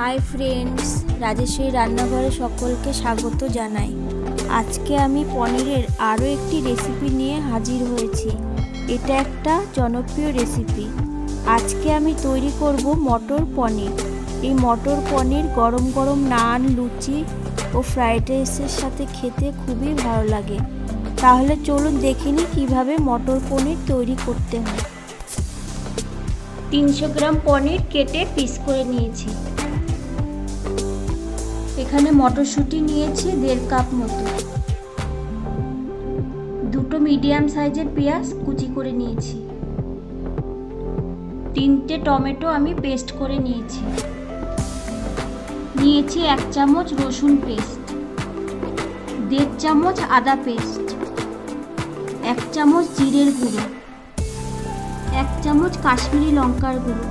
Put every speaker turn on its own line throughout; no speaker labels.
high friends রাজেশের রান্নাঘরে সকলকে স্বাগত জানাই আজকে আমি পনিরের আরও একটি রেসিপি নিয়ে হাজির হয়েছি এটা একটা জনপ্রিয় রেসিপি আজকে আমি তৈরি করব মটর পনির এই মটর পনির গরম গরম নান লুচি ও ফ্রাইড রাইসের সাথে খেতে খুবই ভালো লাগে তাহলে চলুন দেখিনি কিভাবে মটর পনির তৈরি করতে হয় তিনশো গ্রাম পনির কেটে পিস করে নিয়েছি এখানে মটরশুঁটি নিয়েছি দেড় কাপ মতো দুটো মিডিয়াম সাইজের পেঁয়াজ কুচি করে নিয়েছি তিনটে টমেটো আমি পেস্ট করে নিয়েছি নিয়েছি এক চামচ রসুন পেস্ট দেড় চামচ আদা পেস্ট এক চামচ জিরের গুঁড়ো এক চামচ কাশ্মীরি লঙ্কার গুঁড়ো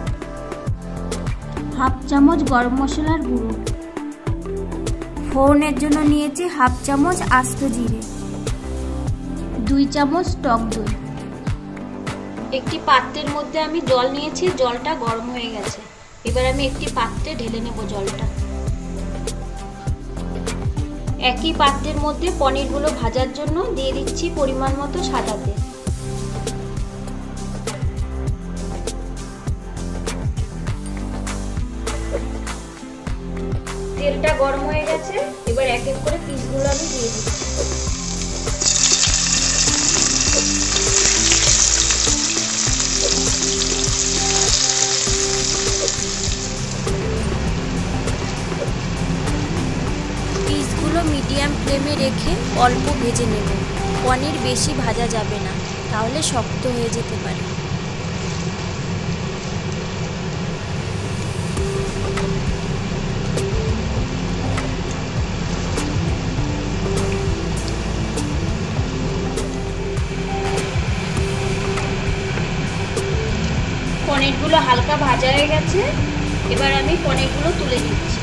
হাফ চামচ গরম মশলার গুঁড়ো ফোরনের জন্য নিয়েছি হাফ চামচ আস্ত জিরে দুই চামচ টক দই একটি পাত্রের মধ্যে আমি জল নিয়েছি জলটা গরম হয়ে গেছে এবার আমি একটি পাত্রে ঢেলে নেব জলটা একই পাত্রের মধ্যে পনিরগুলো ভাজার জন্য দিয়ে দিচ্ছি পরিমাণ মতো সাদা তেল তেলটা গরম হয়ে গেছে এবার এক এক করে পিসগুলো আমি দিয়ে দিচ্ছি পিসগুলো মিডিয়াম ফ্লেমে রেখে অল্প ভেজে নেব পনির বেশি ভাজা যাবে না তাহলে শক্ত হয়ে যেতে পারে হয়ে গেছে এবার আমি পনিরগুলো তুলে নিচ্ছি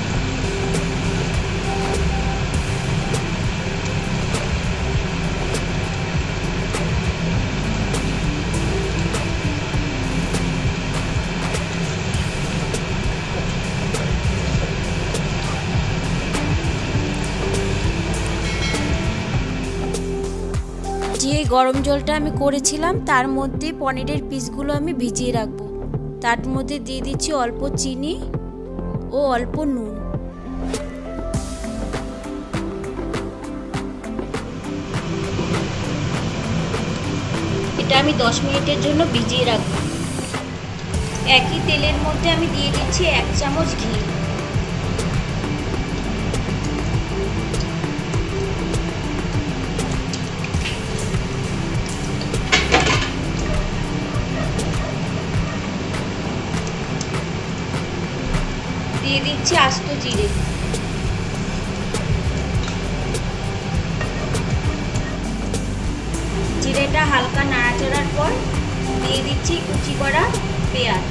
যে গরম জলটা আমি করেছিলাম তার মধ্যে পনিরের পিসগুলো আমি ভিজিয়ে রাখবো তার মধ্যে দিয়ে দিচ্ছি অল্প চিনি ও অল্প নুন এটা আমি দশ মিনিটের জন্য ভিজিয়ে রাখবো একই তেলের মধ্যে আমি দিয়ে দিচ্ছি এক চামচ ঘি দিয়ে দিচ্ছি আস্ত জিরে জিরেটা হালকা নাড়াচড়ার পর দিয়ে দিচ্ছি কুচি করা পেঁয়াজ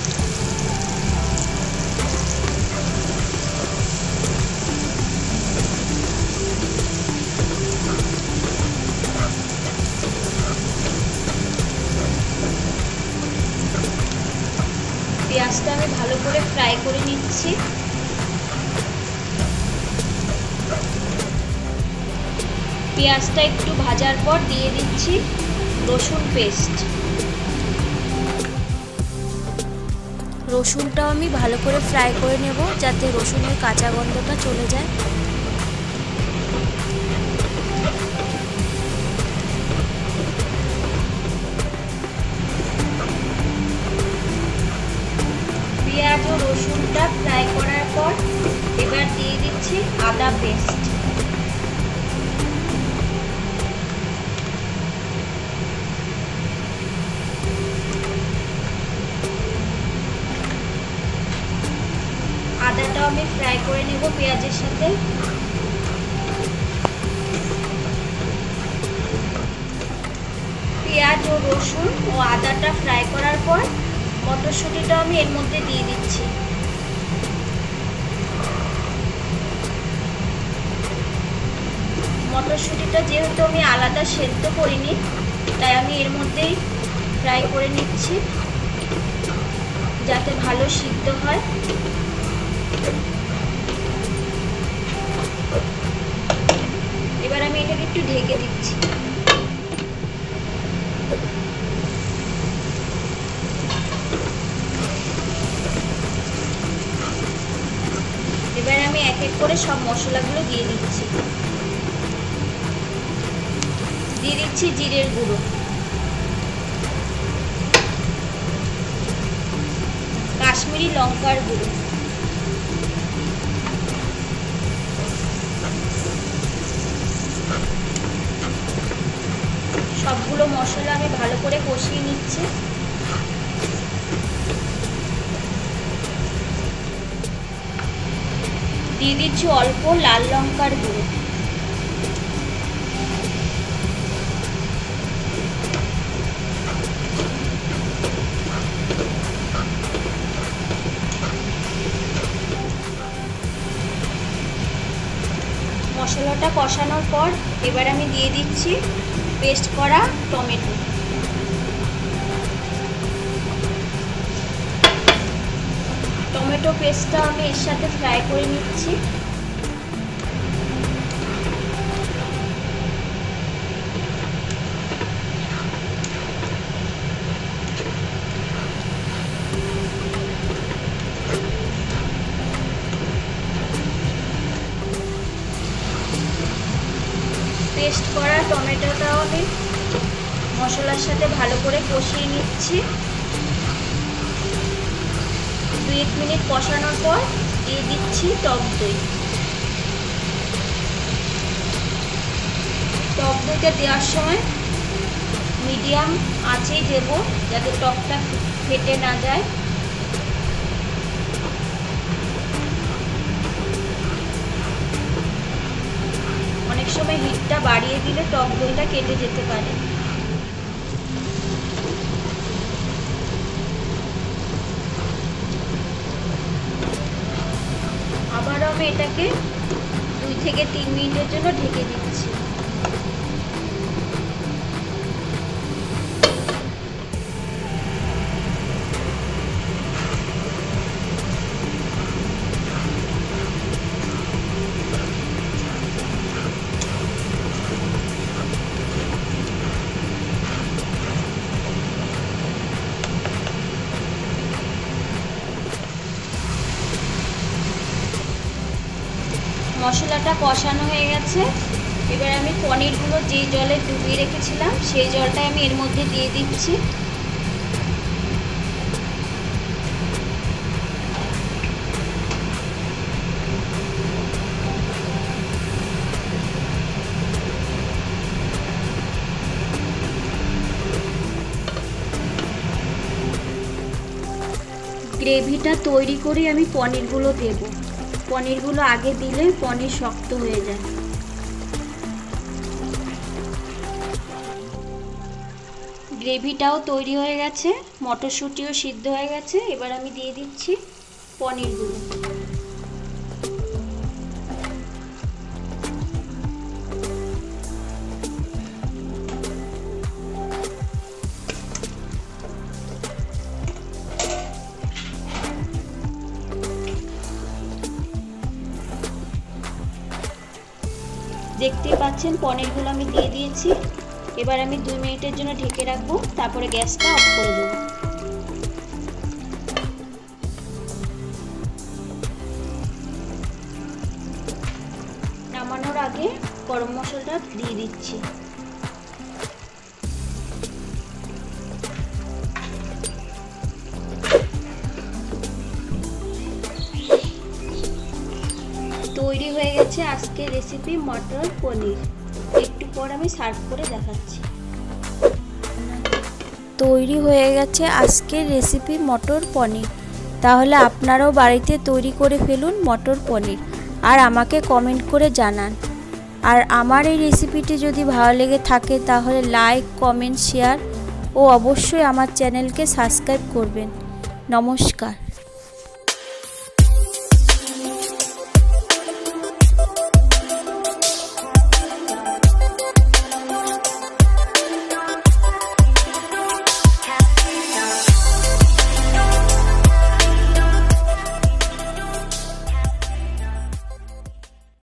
ফ্রাই করে নিচ্ছি পেঁয়াজটা একটু ভাজার পর দিয়ে দিচ্ছি রসুন পেস্ট রসুনটাও আমি ভালো করে ফ্রাই করে নেব যাতে রসুনের কাঁচা গন্ধটা চলে যায় পেঁয়াজ ও রসুনটা ফ্রাই করার পর এবার দিয়ে দিচ্ছি আদা পেস্ট আদাটাও আমি ফ্রাই করে নেব পেঁয়াজের সাথে পেঁয়াজ ও রসুন ও আদাটা ফ্রাই করার পর মটরশুঁটিটা আমি এর মধ্যে দিয়ে দিচ্ছি মটরশুঁটিটা যেহেতু আমি আলাদা সেদ্ধ করিনি তাই আমি এর মধ্যেই ফ্রাই করে নিচ্ছি যাতে ভালো সিদ্ধ হয় এবার আমি এটাকে একটু ঢেকে দিচ্ছি আমি এক এক করে সব মশলাগুলো দিয়ে দিচ্ছি দিয়ে দিচ্ছি জিরের গুঁড়ো কাশ্মীরি লঙ্কার গুঁড়ো সবগুলো মশলা আমি ভালো করে কষিয়ে নিচ্ছি দিয়ে দিচ্ছি অল্প লাল লঙ্কার গুঁড়ো মশলাটা কষানোর পর এবার আমি দিয়ে দিচ্ছি পেস্ট করা টমেটো টমেটো পেস্টটা আমি এর সাথে ফ্রাই করে নিচ্ছি পেস্ট করা টমেটোটাও আমি মশলার সাথে ভালো করে কষিয়ে নিচ্ছি দু মিনিট কষানোর পর দিয়ে দিচ্ছি টক দই টক দইটা দেওয়ার সময় মিডিয়াম আঁচেই দেব যাতে টকটা ফেটে না যায় অনেক সময় হিটটা বাড়িয়ে দিলে টক দইটা কেটে যেতে পারে এটাকে দুই থেকে তিন মিনিটের জন্য ঢেকে দিচ্ছি মশলাটা কষানো হয়ে গেছে এবার আমি পনিরগুলো যে জলে ডুবিয়ে রেখেছিলাম সেই জলটা আমি এর মধ্যে দিয়ে দিচ্ছি গ্রেভিটা তৈরি করে আমি পনিরগুলো দেবো পনিরগুলো আগে দিলে পনির শক্ত হয়ে যায় গ্রেভিটাও তৈরি হয়ে গেছে মটরশুঁটিও সিদ্ধ হয়ে গেছে এবার আমি দিয়ে দিচ্ছি পনিরগুলো দেখতেই পাচ্ছেন পনিরগুলো আমি দিয়ে দিয়েছি এবার আমি দুই মিনিটের জন্য ঢেকে রাখবো তারপরে গ্যাসটা অফ করে দেবো নামানোর আগে গরম মশলাটা দিয়ে দিচ্ছি হয়েছে আজকে রেসিপি মটর পনির একটু পর আমি সার্ভ করে দেখাচ্ছি তৈরি হয়ে গেছে আজকের রেসিপি মটর পনির তাহলে আপনারাও বাড়িতে তৈরি করে ফেলুন মটর পনির আর আমাকে কমেন্ট করে জানান আর আমার এই রেসিপিটি যদি ভালো লেগে থাকে তাহলে লাইক কমেন্ট শেয়ার ও অবশ্যই আমার চ্যানেলকে সাবস্ক্রাইব করবেন নমস্কার